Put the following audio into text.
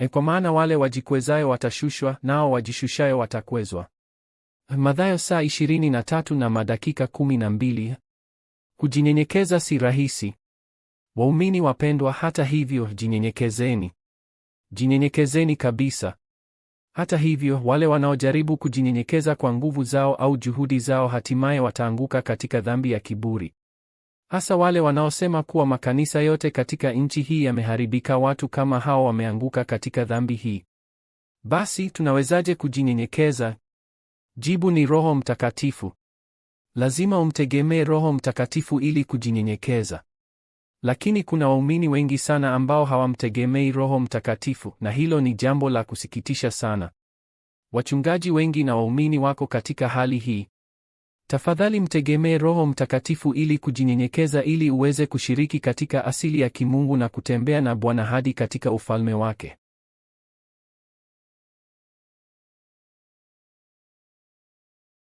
E, kwa maana wale wajikwezayo watashushwa, nao wajishushayo watakwezwa. Mathayo saa ishirini na madakika 12. Kujinyenyekeza si rahisi. Waumini wapendwa, hata hivyo jinyenyekezeni, jinyenyekezeni kabisa. Hata hivyo wale wanaojaribu kujinyenyekeza kwa nguvu zao au juhudi zao hatimaye wataanguka katika dhambi ya kiburi hasa wale wanaosema kuwa makanisa yote katika nchi hii yameharibika. Watu kama hao wameanguka katika dhambi hii. Basi tunawezaje kujinyenyekeza? Jibu ni Roho Mtakatifu. Lazima umtegemee Roho Mtakatifu ili kujinyenyekeza. Lakini kuna waumini wengi sana ambao hawamtegemei Roho Mtakatifu, na hilo ni jambo la kusikitisha sana. Wachungaji wengi na waumini wako katika hali hii. Tafadhali mtegemee Roho Mtakatifu ili kujinyenyekeza ili uweze kushiriki katika asili ya kimungu na kutembea na Bwana hadi katika ufalme wake.